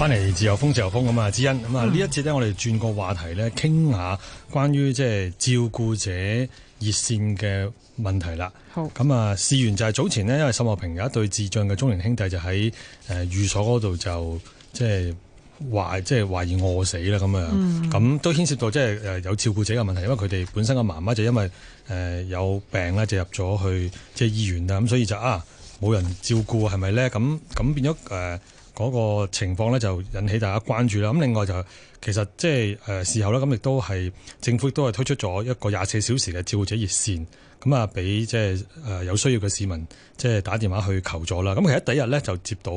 翻嚟自由風，自由風咁啊！之恩咁啊，呢、嗯、一節咧，我哋轉個話題咧，傾下關於即係照顧者熱線嘅問題啦。好咁啊，事源就係早前呢，因為秀茂坪有一對智障嘅中年兄弟就、呃就，就喺誒寓所嗰度就即係懷即係懷疑餓死啦咁樣，咁、嗯、都牽涉到即係誒有照顧者嘅問題，因為佢哋本身嘅媽媽就因為誒、呃、有病咧，就入咗去即係醫院啊，咁所以就啊冇人照顧，係咪咧？咁咁變咗誒。呃呃呃嗰個情況咧就引起大家關注啦。咁另外就其實即係誒事後啦，咁亦都係政府亦都係推出咗一個廿四小時嘅照顧者熱線，咁啊俾即係誒有需要嘅市民即係打電話去求助啦。咁、嗯、其實第一日咧就接到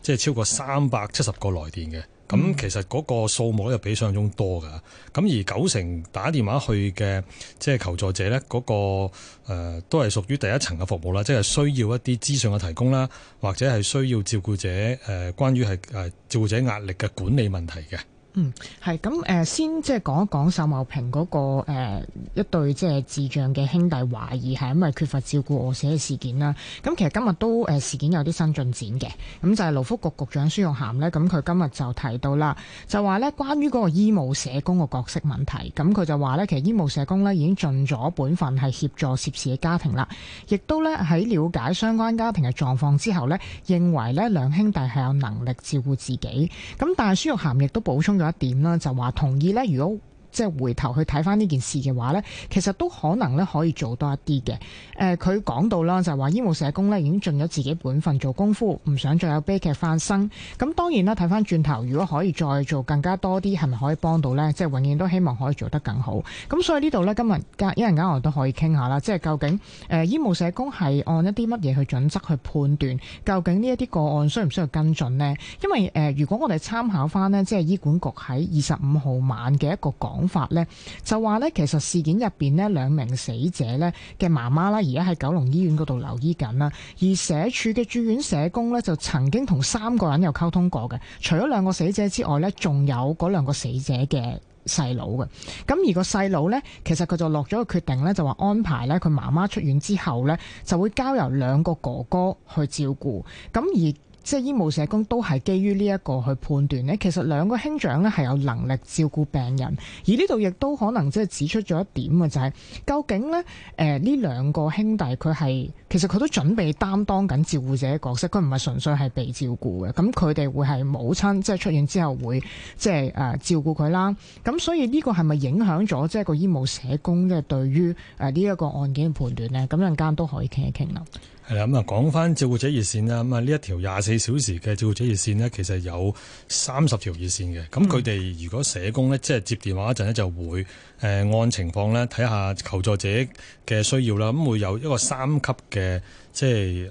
即係超過三百七十個來電嘅。咁其實嗰個數目咧又比想像中多㗎。咁而九成打電話去嘅即係求助者咧、那個，嗰、呃、個都係屬於第一層嘅服務啦，即、就、係、是、需要一啲資訊嘅提供啦，或者係需要照顧者誒、呃、關於係誒照顧者壓力嘅管理問題嘅。嗯，係咁，誒，先即係講一講秀茂坪嗰、那個誒、呃、一對即係智障嘅兄弟懷疑係因為缺乏照顧餓死嘅事件啦。咁其實今日都誒事件有啲新進展嘅，咁就係勞福局局長孫玉菡呢，咁佢今日就提到啦，就話呢，關於嗰個醫務社工嘅角色問題，咁佢就話呢，其實醫務社工呢已經盡咗本份係協助涉事嘅家庭啦，亦都呢，喺了解相關家庭嘅狀況之後呢，認為呢兩兄弟係有能力照顧自己，咁但係孫玉菡亦都補充咗。一點啦，就話同意咧，如果即係回頭去睇翻呢件事嘅話呢，其實都可能咧，可以做多一啲嘅。誒、呃，佢講到啦，就係、是、話醫務社工咧已經盡咗自己本分做功夫，唔想再有悲劇發生。咁、嗯、當然啦，睇翻轉頭，如果可以再做更加多啲，係咪可以幫到呢？即係永遠都希望可以做得更好。咁、嗯、所以呢度呢，今日一陣間我都可以傾下啦。即係究竟誒、呃、醫務社工係按一啲乜嘢去準則去判斷，究竟呢一啲個案需唔需要跟進呢？因為誒、呃，如果我哋參考翻呢，即係醫管局喺二十五號晚嘅一個講法咧就話咧，其實事件入邊呢，兩名死者咧嘅媽媽啦，而家喺九龍醫院嗰度留醫緊啦。而社署嘅住院社工咧，就曾經同三個人有溝通過嘅。除咗兩個死者之外咧，仲有嗰兩個死者嘅細佬嘅。咁而個細佬咧，其實佢就落咗個決定咧，就話安排咧佢媽媽出院之後咧，就會交由兩個哥哥去照顧。咁而即係醫務社工都係基於呢一個去判斷呢，其實兩個兄長咧係有能力照顧病人，而呢度亦都可能即係指出咗一點嘅就係、是，究竟咧誒呢兩個兄弟佢係其實佢都準備擔當緊照顧者嘅角色，佢唔係純粹係被照顧嘅。咁佢哋會係母親即係出院之後會即係誒照顧佢啦。咁所以呢個係咪影響咗即係個醫務社工即係對於誒呢一個案件嘅判斷呢？咁陣間都可以傾一傾啦。係啦，咁啊講翻照顧者熱線啦，咁啊呢一條廿四。小時嘅照顧者熱線呢，其實有三十條熱線嘅。咁佢哋如果社工呢，即係接電話一陣咧，就會誒按情況咧睇下求助者嘅需要啦。咁會有一個三級嘅即係誒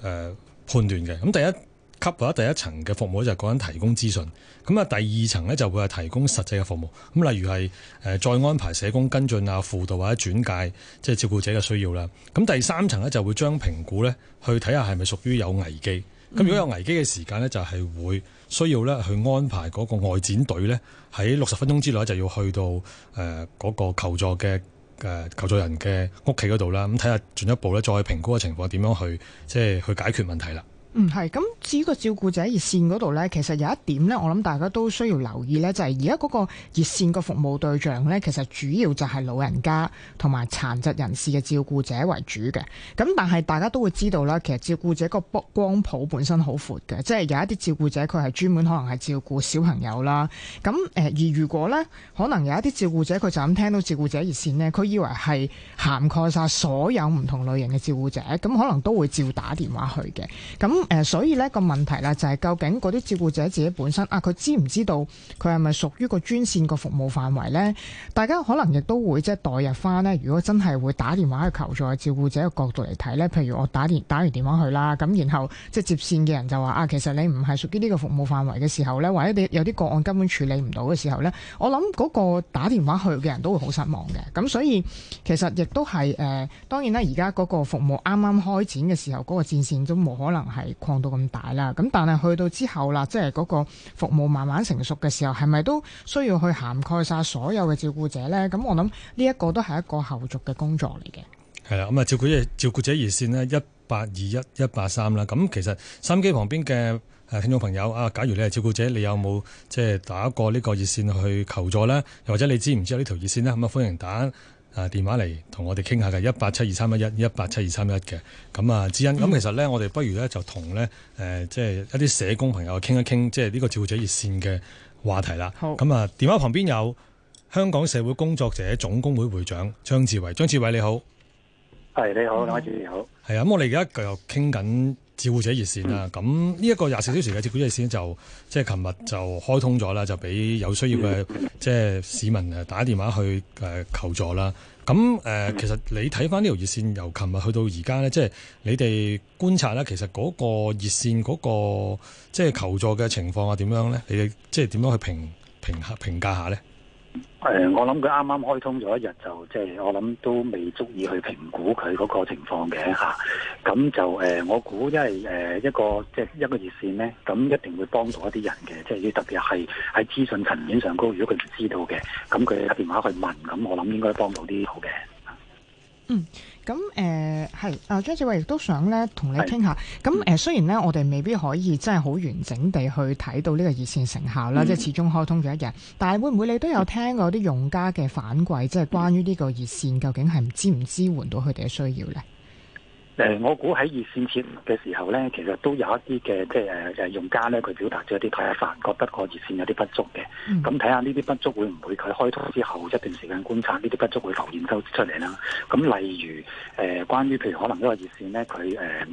判斷嘅。咁第一級或者第一層嘅服務就係講緊提供資訊。咁啊，第二層呢，就會係提供實際嘅服務。咁例如係誒再安排社工跟進啊、輔導或者轉介，即係照顧者嘅需要啦。咁第三層呢，就會將評估呢去睇下係咪屬於有危機。咁如果有危機嘅時間咧，就係、是、會需要咧去安排嗰個外展隊咧喺六十分鐘之內就要去到誒嗰、呃那個求助嘅誒、呃、求助人嘅屋企嗰度啦，咁睇下進一步咧再評估個情況點樣去即係去解決問題啦。嗯，係咁。至於個照顧者熱線嗰度咧，其實有一點咧，我諗大家都需要留意咧，就係而家嗰個熱線個服務對象咧，其實主要就係老人家同埋殘疾人士嘅照顧者為主嘅。咁但係大家都會知道啦，其實照顧者個波光譜本身好闊嘅，即係有一啲照顧者佢係專門可能係照顧小朋友啦。咁誒，而如果咧，可能有一啲照顧者佢就咁聽到照顧者熱線咧，佢以為係涵蓋晒所有唔同類型嘅照顧者，咁可能都會照打電話去嘅。咁咁、嗯、所以咧個問題啦就係，究竟嗰啲照顧者自己本身啊，佢知唔知道佢係咪屬於個專線個服務範圍呢？大家可能亦都會即係代入翻呢。如果真係會打電話去求助照顧者嘅角度嚟睇呢，譬如我打電打完電話去啦，咁然後即係接線嘅人就話啊，其實你唔係屬於呢個服務範圍嘅時候呢，或者你有啲個案根本處理唔到嘅時候呢，我諗嗰個打電話去嘅人都會好失望嘅。咁所以其實亦都係誒，當然啦，而家嗰個服務啱啱開展嘅時候，嗰、嗰個戰線都冇可能係。擴到咁大啦，咁但係去到之後啦，即係嗰個服務慢慢成熟嘅時候，係咪都需要去涵蓋晒所有嘅照顧者呢？咁我諗呢一個都係一個後續嘅工作嚟嘅。係啦，咁啊照顧者照顧者熱線呢一八二一一八三啦，咁其實心機旁邊嘅誒聽眾朋友啊，假如你係照顧者，你有冇即係打過呢個熱線去求助呢？又或者你知唔知呢條熱線呢？咁啊歡迎打。啊！電話嚟同我哋傾下嘅，一八七二三一一一八七二三一嘅。咁啊，之恩咁其實呢，我哋不如呢，就同呢，誒，即係一啲社工朋友傾一傾，即係呢個照顧者熱線嘅話題啦。好咁啊，電話旁邊有香港社會工作者總工會會長張志偉，張志偉你好。你好，你好、嗯。係啊，咁、嗯、我哋而家繼續傾緊照顧者熱線啊。咁呢一個廿四小時嘅照顧者熱線就即係琴日就開通咗啦，就俾有需要嘅即係市民誒打電話去誒、呃、求助啦。咁、嗯、誒、就是，其實你睇翻呢條熱線由琴日去到而家咧，即係你哋觀察咧，其實嗰個熱線嗰、那個即係、就是、求助嘅情況啊，點樣咧？你哋即係點樣去評評下評價下咧？誒、呃，我諗佢啱啱開通咗一日，就即、就、係、是、我諗都未足以去評估佢嗰個情況嘅吓，咁、啊、就誒、呃，我估因為誒一個即係、就是、一個熱線咧，咁一定會幫助一啲人嘅，即、就、係、是、特別係喺資訊層面上高。如果佢唔知道嘅，咁佢打電話去問，咁我諗應該幫到啲好嘅。嗯，咁誒係，阿、呃、張志偉亦都想咧同你傾下。咁誒是、呃，雖然咧我哋未必可以真係好完整地去睇到呢個熱線成效啦，嗯、即係始終開通咗一日，但係會唔會你都有聽過啲用家嘅反饋，即係關於呢個熱線究竟係支唔支援到佢哋嘅需要咧？誒，我估喺熱線設嘅時候咧，其實都有一啲嘅，即係誒誒用家咧，佢表達咗一啲睇法，覺得個熱線有啲不足嘅。咁睇下呢啲不足會唔會佢開通之後一段時間觀察呢啲不足會否浮現出嚟啦？咁、嗯、例如誒、呃，關於譬如可能呢個熱線咧，佢誒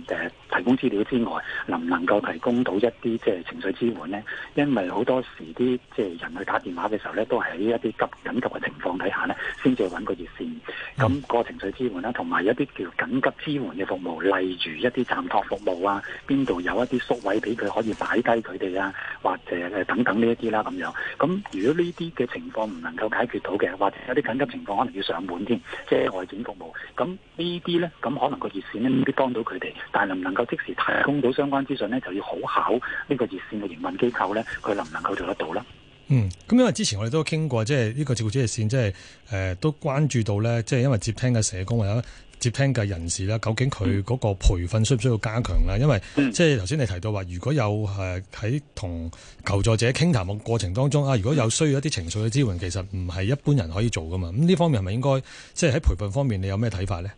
誒提供資料之外，能唔能夠提供到一啲即係情緒支援咧？因為好多時啲即係人去打電話嘅時候咧，都係喺一啲急緊急嘅情況底下咧，先至揾個熱線。咁、嗯嗯、個情緒支援啦，同埋有啲叫緊急支援嘅方服務，例如一啲暫託服務啊，邊度有一啲宿位俾佢可以擺低佢哋啊，或者誒等等呢一啲啦，咁樣。咁如果呢啲嘅情況唔能夠解決到嘅，或者有啲緊急情況可能要上門添，即係外展服務。咁呢啲咧，咁可能個熱線咧，呢啲幫到佢哋，但係能唔能夠即時提供到相關資訊咧，就要好考個熱呢個熱線嘅營運機構咧，佢能唔能夠做得到啦？嗯，咁因為之前我哋都傾過，即係呢個照顧者熱線，即係誒、呃、都關注到咧，即係因為接聽嘅社工或者。接聽嘅人士啦，究竟佢嗰個培訓需唔需要加強咧？因為、嗯、即係頭先你提到話，如果有誒喺同求助者傾談嘅過程當中啊，如果有需要一啲情緒嘅支援，其實唔係一般人可以做噶嘛。咁、嗯、呢方面係咪應該即係喺培訓方面，你有咩睇法呢？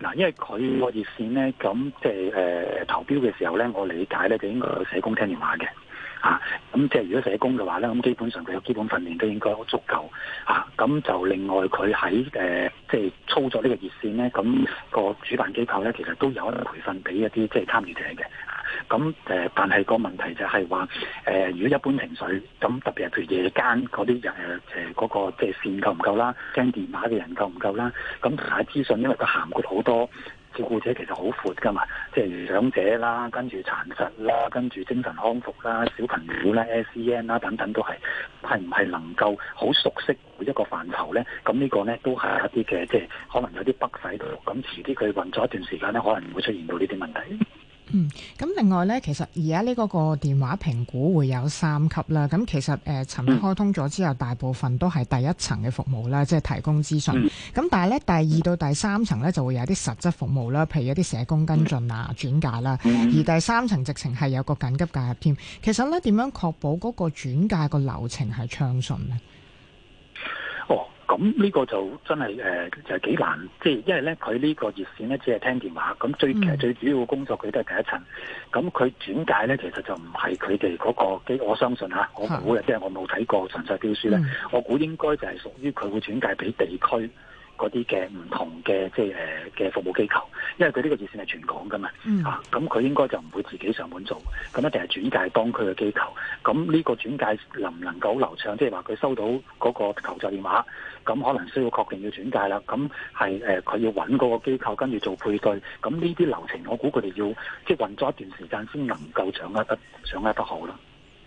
嗱，因為佢個熱線呢，咁即係誒投標嘅時候呢，我理解呢，就應該社工聽電話嘅。啊，咁即係如果社工嘅話咧，咁基本上佢嘅基本訓練都應該好足夠。啊，咁就另外佢喺誒即係操作呢個熱線咧，咁、個主辦機構咧其實都有咧培訓俾一啲即係參與者嘅。咁、啊、誒、呃，但係個問題就係話誒，如果一般情緒，咁特別係佢夜間嗰啲人誒嗰、呃個即係線夠唔夠啦，聽電話嘅人夠唔夠啦，咁同埋資訊，因為佢涵括好多。照顧者其實好闊㗎嘛，即係長者啦，跟住殘疾啦，跟住精神康復啦，小朋友啦，SEN 啦等等都係，係唔係能夠好熟悉每一個範疇咧？咁呢個咧都係一啲嘅，即係可能有啲北細度，咁遲啲佢運作一段時間咧，可能會出現到呢啲問題。嗯，咁另外呢，其實而家呢個個電話評估會有三級啦。咁其實誒，尋、呃、日開通咗之後，嗯、大部分都係第一層嘅服務啦，即係提供資訊。咁、嗯、但係呢，第二到第三層呢，就會有啲實質服務啦，譬如有啲社工跟進啊、轉介啦。嗯、而第三層直情係有個緊急介入添。其實呢，點樣確保嗰個轉介個流程係暢順呢？哦。咁呢個就真係誒、呃，就係幾難，即係因為咧，佢呢個熱線咧只係聽電話，咁最其實、嗯、最主要工作佢都係第一層，咁佢轉介咧其實就唔係佢哋嗰個機，我相信嚇，我估嘅，即係的我冇睇過詳細標書咧，嗯、我估應該就係屬於佢會轉介俾地區。嗰啲嘅唔同嘅即係誒嘅服務機構，因為佢呢個熱線係全港㗎嘛，吓咁佢應該就唔會自己上門做，咁一定係轉介當區嘅機構。咁呢個轉介能唔能夠流暢，即係話佢收到嗰個求助電話，咁可能需要確定要轉介啦。咁係誒，佢要搵嗰個機構跟住做配對。咁呢啲流程我，我估佢哋要即係運作咗一段時間先能夠掌握得掌握得好啦。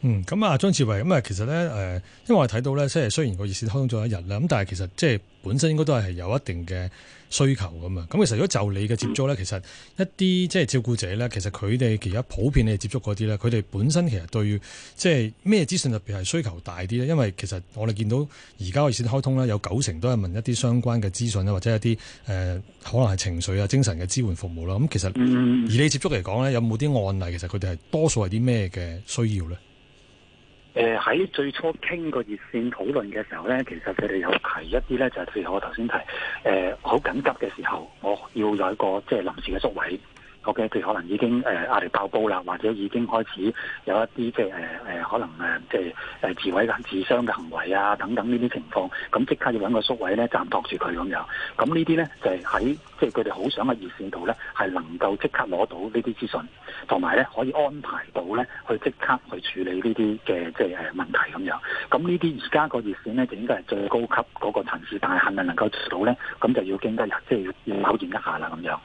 嗯，咁啊，張志偉咁啊，其實咧，誒，因為我哋睇到咧，即係雖然個熱線開通咗一日啦，咁但係其實即係本身應該都係係有一定嘅需求咁啊。咁其實如果就你嘅接觸咧，其實一啲即係照顧者咧，其實佢哋其實普遍你接觸嗰啲咧，佢哋本身其實對於即係咩資訊特別係需求大啲咧？因為其實我哋見到而家熱線開通咧，有九成都係問一啲相關嘅資訊或者一啲誒、呃、可能係情緒啊、精神嘅支援服務啦。咁、嗯、其實而你接觸嚟講咧，有冇啲案例其實佢哋係多數係啲咩嘅需要咧？誒喺、呃、最初傾個熱線討論嘅時候咧，其實佢哋有提一啲咧，就係、是、譬如我頭先提誒好緊急嘅時候，我要有一個即係臨時嘅宿位。OK，譬如可能已經誒壓力爆煲啦，或者已經開始有一啲即係誒誒可能誒即係誒自毀嘅自傷嘅行為啊，等等呢啲情況，咁即刻要揾個宿位咧，暫托住佢咁樣。咁、呃、呢啲咧就係喺即係佢哋好想嘅熱線度咧，係能夠即刻攞到呢啲資訊，同埋咧可以安排到咧去即刻去處理呢啲嘅即係誒問題咁樣。咁呢啲而家個熱線咧就應該係最高級嗰個層次，但係肯唔能夠做到咧，咁就要經得即係要考驗一下啦咁樣。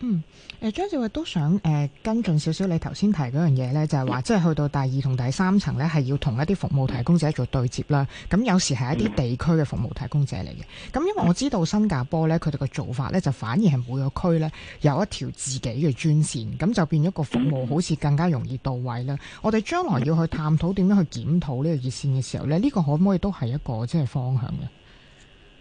嗯，誒、呃，張志偉都想誒、呃、跟進少少你頭先提嗰樣嘢咧，就係話，即係去到第二同第三層咧，係要同一啲服務提供者做對接啦。咁有時係一啲地區嘅服務提供者嚟嘅。咁因為我知道新加坡咧，佢哋嘅做法咧就反而係每個區咧有一條自己嘅專線，咁就變咗個服務好似更加容易到位啦。嗯、我哋將來要去探討點樣去檢討呢個熱線嘅時候咧，呢、呢個可唔可以都係一個即係方向嘅？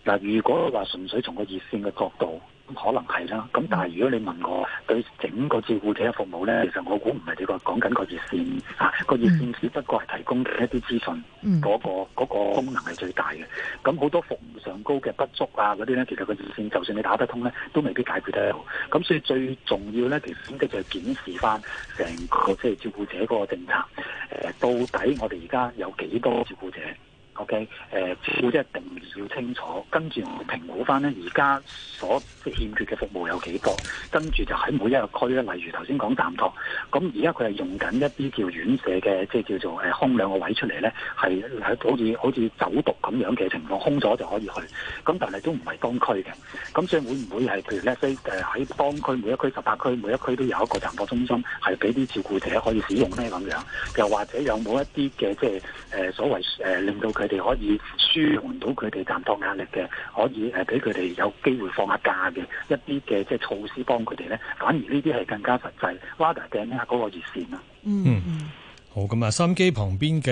嗱，如果話純粹從個熱線嘅角度。咁可能係啦，咁但係如果你問我對整個照顧者嘅服務咧，其實我估唔係你個講緊個熱線啊，個熱線只不過係提供嘅一啲資訊，嗰、嗯嗰個，嗰個功能係最大嘅。咁好多服務上高嘅不足啊，嗰啲咧，其實個熱線就算你打得通咧，都未必解決得。咁所以最重要咧，其實本質就係檢視返成個即係照顧者個政策，誒、呃，到底我哋而家有幾多照顧者？OK，誒，照顧者一定要清楚，跟住評估翻咧，而家所欠缺嘅服務有幾多？跟住就喺每一個區咧，例如頭先講暫托，咁而家佢係用緊一啲叫院舍嘅，即係叫做誒空兩個位出嚟咧，係喺好似好似走讀咁樣嘅情況，空咗就可以去。咁但係都唔係當區嘅。咁所以會唔會係譬如咧，即係喺當區每一區十八區每一區都有一個暫托中心，係俾啲照顧者可以使用咧咁樣？又或者有冇一啲嘅即係誒所謂誒令到佢？佢哋可以舒緩到佢哋擔當壓力嘅，可以誒俾佢哋有機會放下假嘅一啲嘅即係措施幫佢哋咧，反而呢啲係更加實際。Wada 頂下嗰個熱線啦。嗯嗯，嗯好咁啊，收音機旁邊嘅誒、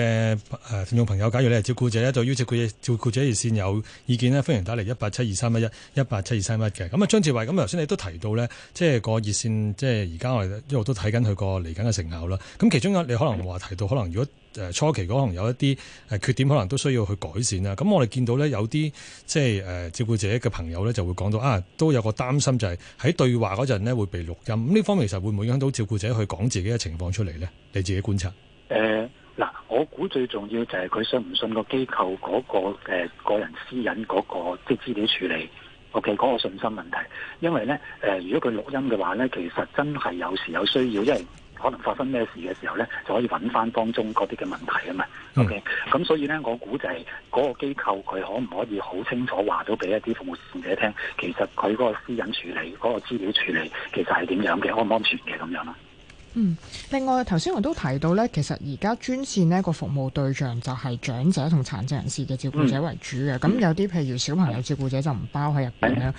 呃、聽眾朋友，假如你係照顧者咧，就邀請佢照顧者，照顧者，照顧者熱線有意見呢，歡迎打嚟一八七二三一一一八七二三一嘅。咁啊，張志偉咁頭先你都提到咧，即係個熱線，即係而家我哋一路都睇緊佢個嚟緊嘅成效啦。咁其中啊，你可能話提到，可能如果、嗯初期可能有一啲誒缺點，可能都需要去改善啦。咁我哋見到呢，有啲即係誒、呃、照顧者嘅朋友呢，就會講到啊，都有個擔心就係喺對話嗰陣呢會被錄音。呢方面其實會唔會影響到照顧者去講自己嘅情況出嚟呢？你自己觀察。誒嗱、呃呃，我估最重要就係佢信唔信機、嗰個機構嗰個誒個人私隱嗰、嗰個即係資料處理。OK，嗰個信心問題。因為呢，誒、呃，如果佢錄音嘅話呢，其實真係有時有需要，因為可能發生咩事嘅時候咧，就可以揾翻當中嗰啲嘅問題啊嘛。嗯、OK，咁所以咧，我估就係、是、嗰、那個機構佢可唔可以好清楚話咗俾一啲服務使用者聽，其實佢嗰個私隱處理、嗰、那個資料處理其實係點樣嘅、安唔安全嘅咁樣啦、啊。嗯，另外頭先我都提到咧，其實而家專線呢個服務對象就係長者同殘疾人士嘅照顧者為主嘅，咁、嗯、有啲、嗯、譬如小朋友照顧者就唔包喺入邊嘅。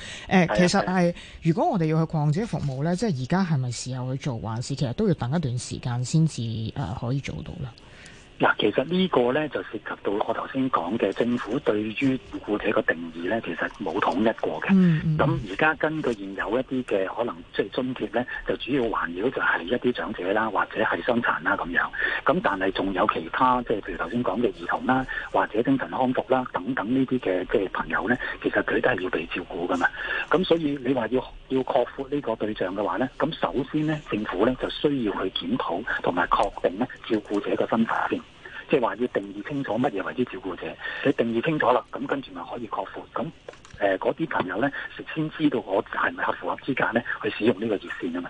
誒，其實係、嗯、如果我哋要去擴展服務咧，即係而家係咪時候去做，還是其實都要等一段時間先至誒可以做到啦。嗱，其實呢個咧就涉及到我頭先講嘅政府對於照顧者嘅定義咧，其實冇統一過嘅。嗯。咁而家根據現有一啲嘅可能，即係津貼咧，就主要環繞就係一啲長者啦，或者係傷殘啦咁樣。咁但係仲有其他，即係譬如頭先講嘅兒童啦，或者精神康復啦等等呢啲嘅即係朋友咧，其實佢都係要被照顧噶嘛。咁所以你話要要擴闊呢個對象嘅話咧，咁首先咧政府咧就需要去檢討同埋確定咧照顧者嘅身份先。即係話要定義清楚乜嘢為之照顧者，你定義清楚啦，咁跟住咪可以確保。咁誒，嗰啲朋友咧，先知道我係咪合符合之間咧去使用呢個熱線啊嘛。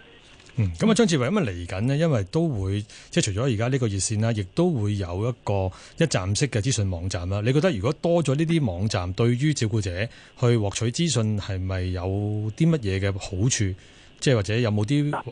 嗯，咁啊，張志偉，咁啊嚟緊呢，因為都會即係除咗而家呢個熱線啦，亦都會有一個一站式嘅資訊網站啦。你覺得如果多咗呢啲網站，對於照顧者去獲取資訊，係咪有啲乜嘢嘅好處？即係或者有冇啲誒誒，都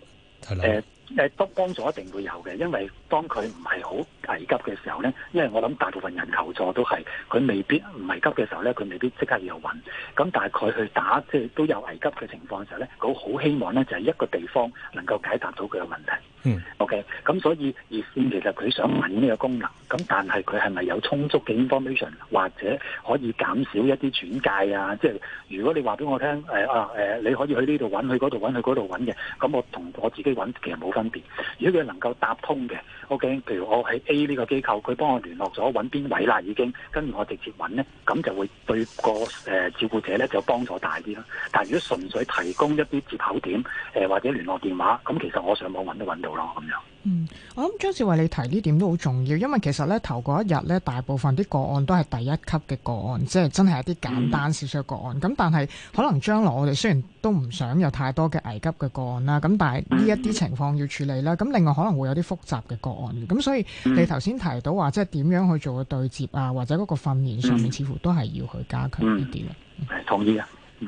幫、呃吧呃、助一定會有嘅，因為。當佢唔係好危急嘅時候呢，因為我諗大部分人求助都係佢未必唔危急嘅時候呢，佢未必即刻要揾。咁但係佢去打即係都有危急嘅情況嘅時候呢，佢好希望呢就係一個地方能夠解答到佢嘅問題。嗯，OK 嗯。咁所以熱線其實佢想揾呢個功能，咁但係佢係咪有充足嘅 information，或者可以減少一啲轉介啊？即係如果你話俾我聽誒啊誒，你可以去呢度揾，去嗰度揾，去嗰度揾嘅，咁我同我自己揾其實冇分別。如果佢能夠搭通嘅。譬如我喺 A 呢個機構，佢幫我聯絡咗，揾邊位啦，已經，跟住我直接揾咧，咁就會對個誒、呃、照顧者咧就幫助大啲啦。但係如果純粹提供一啲接口點，誒、呃、或者聯絡電話，咁、嗯、其實我上網揾都揾到咯，咁樣。嗯，我諗張志偉你提呢點都好重要，因為其實呢頭嗰一日呢，大部分啲個案都係第一級嘅個案，即係真係一啲簡單少少個案。咁、嗯、但係可能將來我哋雖然都唔想有太多嘅危急嘅個案啦，咁但係呢一啲情況要處理啦。咁、嗯、另外可能會有啲複雜嘅個案，咁所以你頭先提到話即係點樣去做個對接啊，或者嗰個訓練上面似乎都係要去加強呢啲、嗯嗯嗯、同意啊。嗯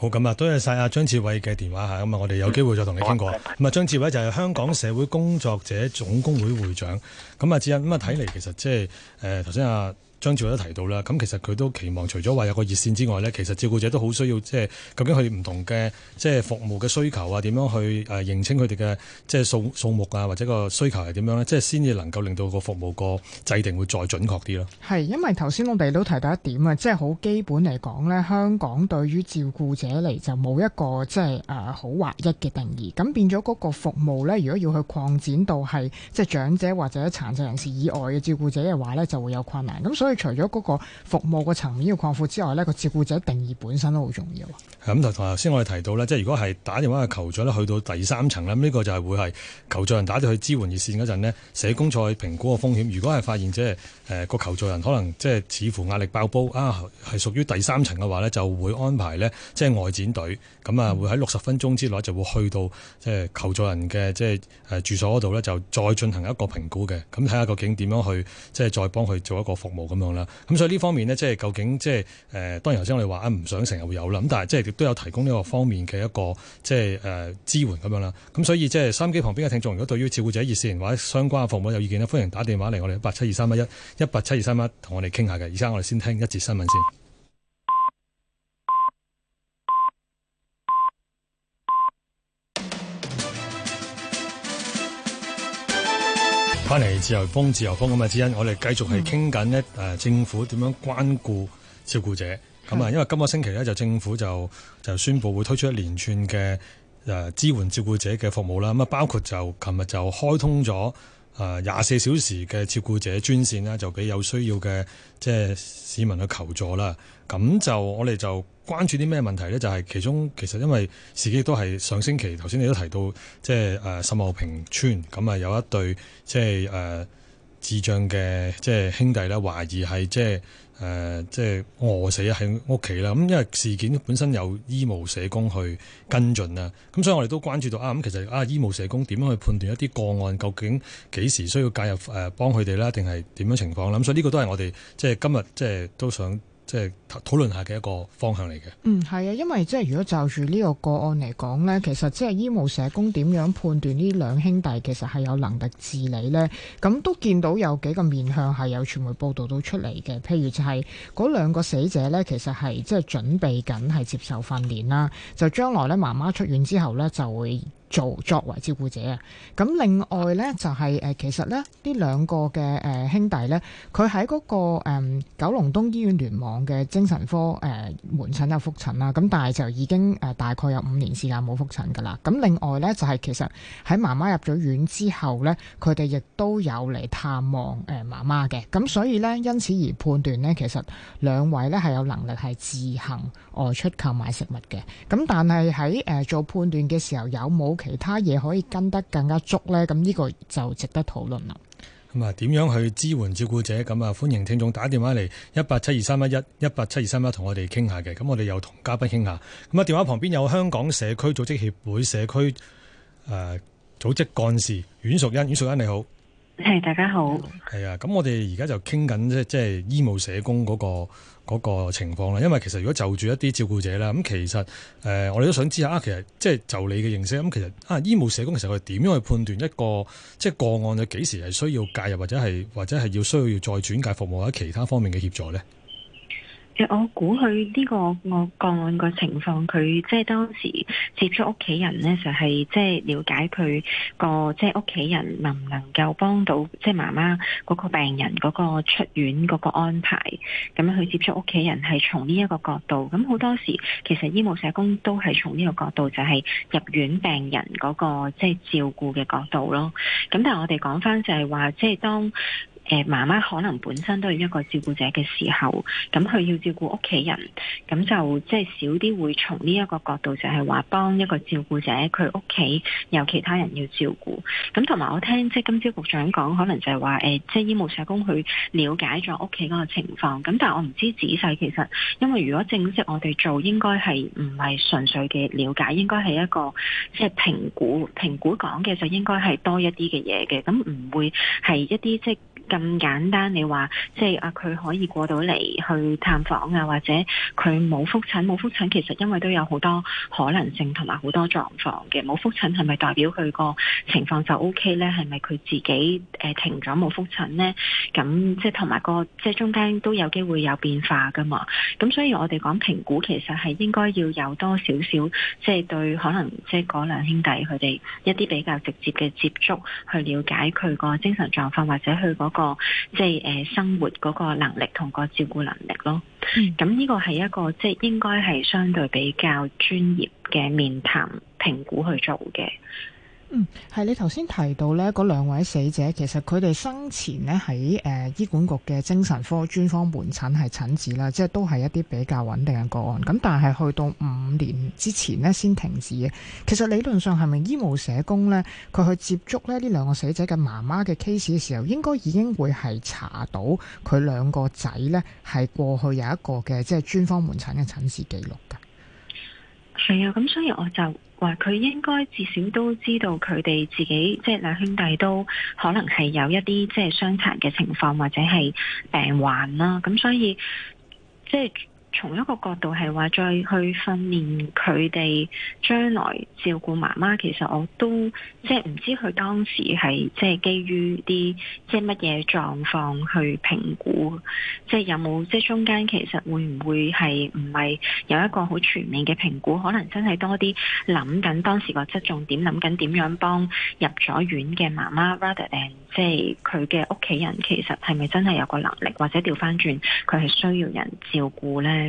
好咁啊，多謝晒阿張志偉嘅電話嚇，咁啊我哋有機會再同你傾過。咁啊、嗯、張志偉就係香港社會工作者總工會會長，咁啊至於咁啊睇嚟其實即係誒頭先阿。呃張志偉都提到啦，咁其實佢都期望除咗話有個熱線之外呢，其實照顧者都好需要即係究竟佢哋唔同嘅即係服務嘅需求啊，點樣去誒認清佢哋嘅即係數數目啊，或者個需求係點樣呢？即係先至能夠令到個服務個制定會再準確啲咯。係因為頭先我哋都提到一點啊，即係好基本嚟講呢，香港對於照顧者嚟就冇一個即係誒好劃一嘅定義，咁變咗嗰個服務呢，如果要去擴展到係即係長者或者殘疾人士以外嘅照顧者嘅話呢，就會有困難。咁所以即係除咗嗰個服務個層面要擴闊之外咧，個照顧者定義本身都好重要。啊。咁，頭頭先我哋提到咧，即係如果係打電話嘅求助咧，去到第三層咧，呢、這個就係會係求助人打到去支援熱線嗰陣咧，社工再評估個風險，如果係發現即係誒個求助人可能即係似乎壓力爆煲啊，係屬於第三層嘅話咧，就會安排咧即係外展隊咁啊，會喺六十分鐘之內就會去到即係求助人嘅即係誒、呃、住所嗰度咧，就再進行一個評估嘅，咁睇下究竟點樣去即係再幫佢做一個服務咁。咁啦，咁、嗯、所以呢方面呢，即係究竟即係誒，當然頭先我哋話啊唔想成日會有啦，咁但係即係亦都有提供呢個方面嘅一個即係誒、呃、支援咁樣啦。咁、嗯、所以即係三機旁邊嘅聽眾，如果對於照顧者熱線或者相關嘅服務有意見咧，歡迎打電話嚟我哋八七二三一一八七二三一同我哋傾下嘅。而家，我哋先聽一節新聞先。翻嚟自由風，自由風咁啊，之因我哋繼續係傾緊呢誒，政府點樣關顧照顧者咁啊？因為今個星期呢，就政府就就宣布會推出一連串嘅誒支援照顧者嘅服務啦。咁啊，包括就琴日就開通咗。呃、啊！廿四小時嘅照顧者專線咧，就俾有需要嘅即係市民去求助啦。咁就我哋就關注啲咩問題呢？就係、是、其中其實因為自己都係上星期頭先你都提到，即係誒秀茂坪村咁啊，有一對即係誒、呃、智障嘅即係兄弟咧，懷疑係即係。誒、呃、即係餓死喺屋企啦，咁因為事件本身有醫務社工去跟進啦，咁所以我哋都關注到啊，咁其實啊醫務社工點樣去判斷一啲個案究竟幾時需要介入誒、呃、幫佢哋啦，定係點樣情況啦，咁所以呢個都係我哋即係今日即係都想。即係討論下嘅一個方向嚟嘅。嗯，係啊，因為即係如果就住呢個個案嚟講呢，其實即係醫務社工點樣判斷呢兩兄弟其實係有能力自理呢？咁都見到有幾個面向係有傳媒報導到出嚟嘅，譬如就係、是、嗰兩個死者呢，其實係即係準備緊係接受訓練啦，就將來呢，媽媽出院之後呢，就會。做作為照顧者啊，咁另外呢，就係、是、誒其實呢，呢兩個嘅誒、呃、兄弟呢，佢喺嗰個、呃、九龍東醫院聯網嘅精神科誒門診有復診啦，咁但係就已經誒、呃、大概有五年時間冇復診噶啦。咁另外呢，就係、是、其實喺媽媽入咗院之後呢，佢哋亦都有嚟探望誒媽媽嘅。咁、呃、所以呢，因此而判斷呢，其實兩位呢係有能力係自行外出購買食物嘅。咁但係喺誒做判斷嘅時候有冇其他嘢可以跟得更加足呢，咁、這、呢個就值得討論啦。咁啊，點樣去支援照顧者？咁啊，歡迎聽眾打電話嚟一八七二三一一一八七二三一，同我哋傾下嘅。咁我哋又同嘉賓傾下。咁啊，電話旁邊有香港社區組織協會社區誒、呃、組織幹事阮淑茵，阮淑茵你好。係，hey, 大家好。係啊，咁我哋而家就傾緊即係即係醫務社工嗰、嗰個、嗰個情況啦。因為其實如果就住一啲照顧者啦，咁其實誒、呃，我哋都想知下啊。其實即係就你嘅認識，咁、嗯、其實啊，醫務社工其實佢點樣去判斷一個即係個案，佢幾時係需要介入，或者係或者係要需要要再轉介服務，或者其他方面嘅協助咧？我估佢呢個我個案個情況，佢即係當時接觸屋企人呢，就係即係了解佢個即係屋企人能唔能夠幫到即係媽媽嗰個病人嗰個出院嗰個安排。咁樣去接觸屋企人係從呢一個角度。咁好多時其實醫務社工都係從呢個角度，就係入院病人嗰個即係照顧嘅角度咯。咁但係我哋講返就係話，即係當誒媽媽可能本身都係一個照顧者嘅時候，咁佢要照顧屋企人。咁就即係少啲會從呢一個角度，就係話幫一個照顧者，佢屋企有其他人要照顧，咁同埋我聽即係今朝局長講可能就係話誒即係醫務社工去了解咗屋企嗰個情況，咁但係我唔知仔細，其實因為如果正式我哋做，應該係唔係純粹嘅了解，應該係一個即係評估。評估講嘅就應該係多一啲嘅嘢嘅，咁唔會係一啲即係咁簡單你話即係啊，佢可以過到嚟去探訪啊，或者佢。冇復診，冇復診，復診其實因為都有好多可能性同埋好多狀況嘅。冇復診係咪代表佢個情況就 OK 咧？係咪佢自己誒停咗冇復診咧？咁即係同埋個即係中間都有機會有變化噶嘛。咁所以我哋講評估，其實係應該要有多少少即係對可能即係嗰兩兄弟佢哋一啲比較直接嘅接觸，去了解佢個精神狀況或者佢嗰個即係誒生活嗰個能力同個照顧能力咯。咁呢個係一個即係、就是、應該係相對比較專業嘅面談評估去做嘅。嗯，係你頭先提到呢嗰兩位死者其實佢哋生前呢，喺、呃、誒醫管局嘅精神科專科門診係診治啦，即係都係一啲比較穩定嘅個案。咁但係去到五年之前呢，先停止嘅。其實理論上係咪醫務社工呢？佢去接觸咧呢兩個死者嘅媽媽嘅 case 嘅時候，應該已經會係查到佢兩個仔呢，係過去有一個嘅即係專科門診嘅診治記錄噶。係啊，咁所以我就。話佢應該至少都知道佢哋自己即係兩兄弟都可能係有一啲即係傷殘嘅情況或者係病患啦，咁所以即係，就是從一個角度係話再去訓練佢哋將來照顧媽媽，其實我都即係唔知佢當時係即係基於啲即係乜嘢狀況去評估，即係有冇即係中間其實會唔會係唔係有一個好全面嘅評估？可能真係多啲諗緊當時個側重點諗緊點樣幫入咗院嘅媽媽，媽，rather than 即係佢嘅屋企人其實係咪真係有個能力，或者調翻轉佢係需要人照顧咧？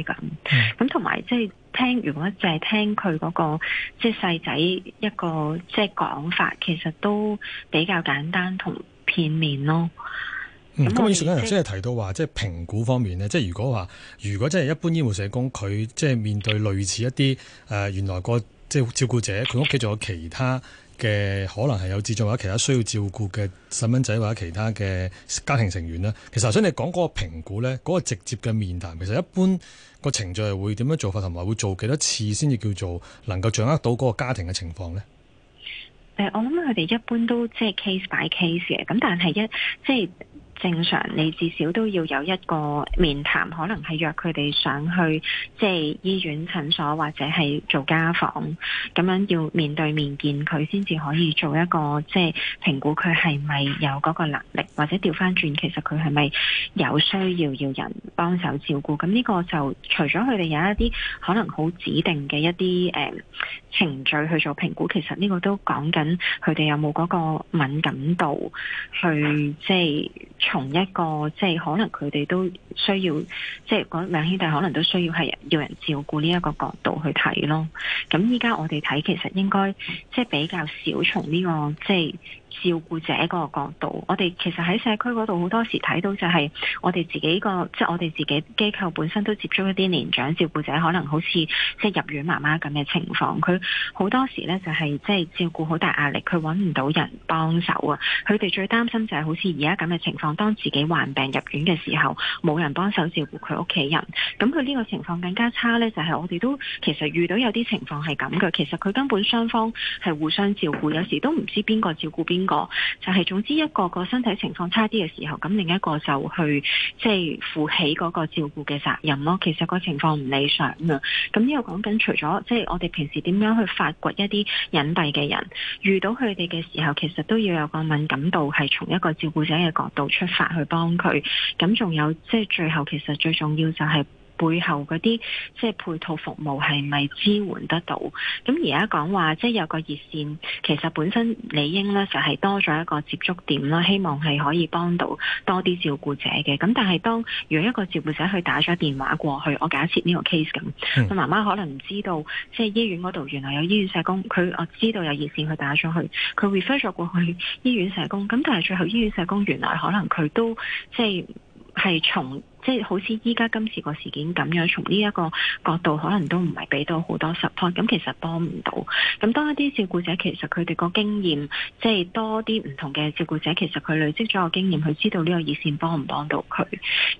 咁，同埋即係聽，如果淨係聽佢嗰、那個即係細仔一個即係講法，其實都比較簡單同片面咯。咁、嗯、咁啊、就是，頭先又真係提到話，即係評估方面咧，即、就、係、是、如果話，如果真係一般醫務社工，佢即係面對類似一啲誒、呃、原來、那個即係、就是、照顧者，佢屋企仲有其他。 嘅可能係有智障或者其他需要照顧嘅細蚊仔或者其他嘅家庭成員咧，其實頭先你講嗰個評估咧，嗰、那個直接嘅面談，其實一般個程序係會點樣做法，同埋會做幾多次先至叫做能夠掌握到嗰個家庭嘅情況咧？誒、呃，我諗佢哋一般都即係 case by case 嘅，咁但係一即係。正常，你至少都要有一個面談，可能係約佢哋上去，即係醫院診所或者係做家訪，咁樣要面對面見佢先至可以做一個即係評估佢係咪有嗰個能力，或者調翻轉其實佢係咪有需要要人幫手照顧，咁呢個就除咗佢哋有一啲可能好指定嘅一啲誒、呃、程序去做評估，其實呢個都講緊佢哋有冇嗰個敏感度去即係。同一個即係可能佢哋都需要，即係嗰兩兄弟可能都需要係要人照顧呢一個角度去睇咯。咁依家我哋睇其實應該即係比較少從呢個即係。照顧者嗰個角度，我哋其實喺社區嗰度好多時睇到就係我哋自己個，即係我哋自己機構本身都接觸一啲年長照顧者，可能好似即係入院媽媽咁嘅情況。佢好多時呢就係即係照顧好大壓力，佢揾唔到人幫手啊！佢哋最擔心就係好似而家咁嘅情況，當自己患病入院嘅時候，冇人幫手照顧佢屋企人。咁佢呢個情況更加差呢，就係我哋都其實遇到有啲情況係咁嘅，其實佢根本雙方係互相照顧，有時都唔知邊個照顧邊。個就係總之一個個身體情況差啲嘅時候，咁另一個就去即係負起嗰個照顧嘅責任咯。其實個情況唔理想啊。咁呢個講緊除咗即係我哋平時點樣去發掘一啲隱蔽嘅人，遇到佢哋嘅時候，其實都要有個敏感度，係從一個照顧者嘅角度出發去幫佢。咁仲有即係最後，其實最重要就係。背後嗰啲即係配套服務係咪支援得到？咁而家講話即係有個熱線，其實本身理應咧就係多咗一個接觸點啦，希望係可以幫到多啲照顧者嘅。咁但係當如果一個照顧者去打咗電話過去，我假設呢個 case 咁，佢、嗯、媽媽可能唔知道，即係醫院嗰度原來有醫院社工，佢我知道有熱線，佢打咗去，佢 refer 咗過去醫院社工，咁但係最後醫院社工原來可能佢都即係係從。即係好似依家今次個事件咁樣，從呢一個角度，可能都唔係俾到好多 support。咁其實幫唔到。咁當一啲照顧者其實佢哋個經驗，即係多啲唔同嘅照顧者，其實佢累積咗個經驗，佢知道呢個熱線幫唔幫到佢。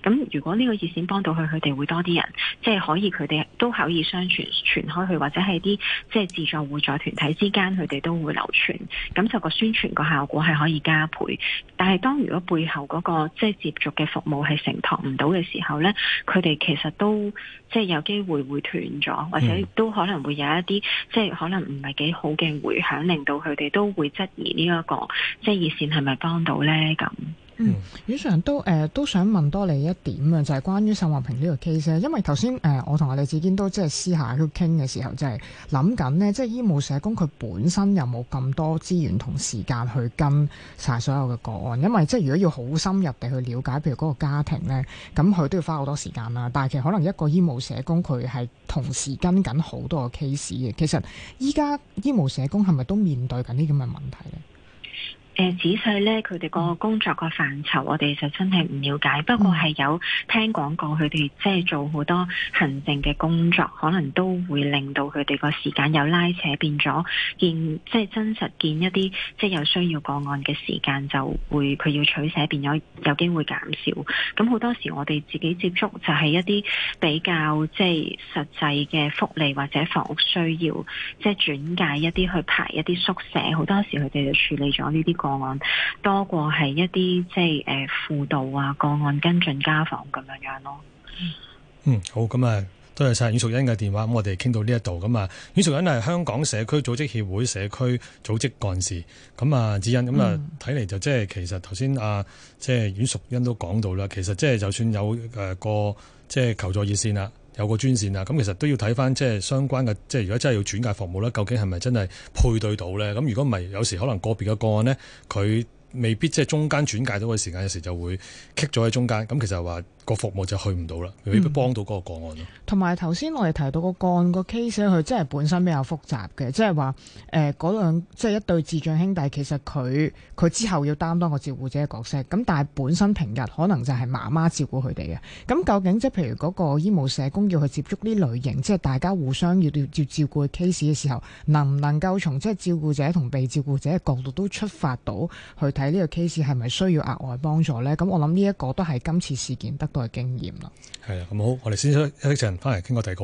咁如果呢個熱線幫到佢，佢哋會多啲人，即係可以佢哋都可以相傳傳開去，或者係啲即係自助互助團體之間，佢哋都會流傳。咁就個宣傳個效果係可以加倍。但係當如果背後嗰個即係接續嘅服務係承托唔到嘅時候咧，佢哋其實都即係有機會會斷咗，或者都可能會有一啲即係可能唔係幾好嘅回響，令到佢哋都會質疑呢一個即係熱線係咪幫到咧咁。Mm. 嗯，阮淑茵都誒、呃、都想問多你一點啊，就係、是、關於沈華平呢個 case 咧，因為頭先誒我同阿李子堅都即係私下去傾嘅時候，即係諗緊咧，即係醫務社工佢本身有冇咁多資源同時間去跟晒所有嘅個案？因為即係如果要好深入地去了解，譬如嗰個家庭咧，咁佢都要花好多時間啦。但係其實可能一個醫務社工佢係同時跟緊好多個 case 嘅。其實依家醫務社工係咪都面對緊呢啲咁嘅問題咧？誒、呃、仔細咧，佢哋個工作個範疇，我哋就真係唔了解。嗯、不過係有聽講過，佢哋即係做好多行政嘅工作，可能都會令到佢哋個時間有拉扯，變咗見即係、就是、真實見一啲即係有需要個案嘅時間就會佢要取捨，變咗有機會減少。咁好多時我哋自己接觸就係一啲比較即係、就是、實際嘅福利或者房屋需要，即、就、係、是、轉介一啲去排一啲宿舍。好多時佢哋就處理咗呢啲。個案多過係一啲即係誒、輔導啊、個案跟進、家訪咁樣樣咯。嗯，好，咁啊，多謝晒阮淑茵嘅電話，咁我哋傾到呢一度，咁啊，阮淑茵係香港社區組織協會社區組織幹事，咁啊，志偉，咁啊，睇嚟、嗯、就即係其實頭先啊，即係阮淑茵都講到啦，其實即係、啊、就算有誒個即係、呃、求助熱線啦。有個專線啊，咁其實都要睇返即係相關嘅，即係如果真係要轉介服務咧，究竟係咪真係配對到咧？咁如果唔係，有時可能個別嘅個案咧，佢未必即係中間轉介到嘅時間，有時就會棘咗喺中間。咁其實話，個服務就去唔到啦，未必幫到嗰個個案咯。同埋頭先我哋提到個個案個 case，佢真係本身比較複雜嘅，即係話誒嗰兩即係一對智障兄弟，其實佢佢之後要擔當個照顧者嘅角色，咁但係本身平日可能就係媽媽照顧佢哋嘅。咁究竟即係譬如嗰個醫務社工要去接觸呢類型，即係大家互相要要接照顧嘅 case 嘅時候，能唔能夠從即係照顧者同被照顧者嘅角度都出發到去睇呢個 case 係咪需要額外幫助呢？咁我諗呢一個都係今次事件得到嘅經驗咯，係啊，咁好，我哋先一陣翻嚟傾個第二個。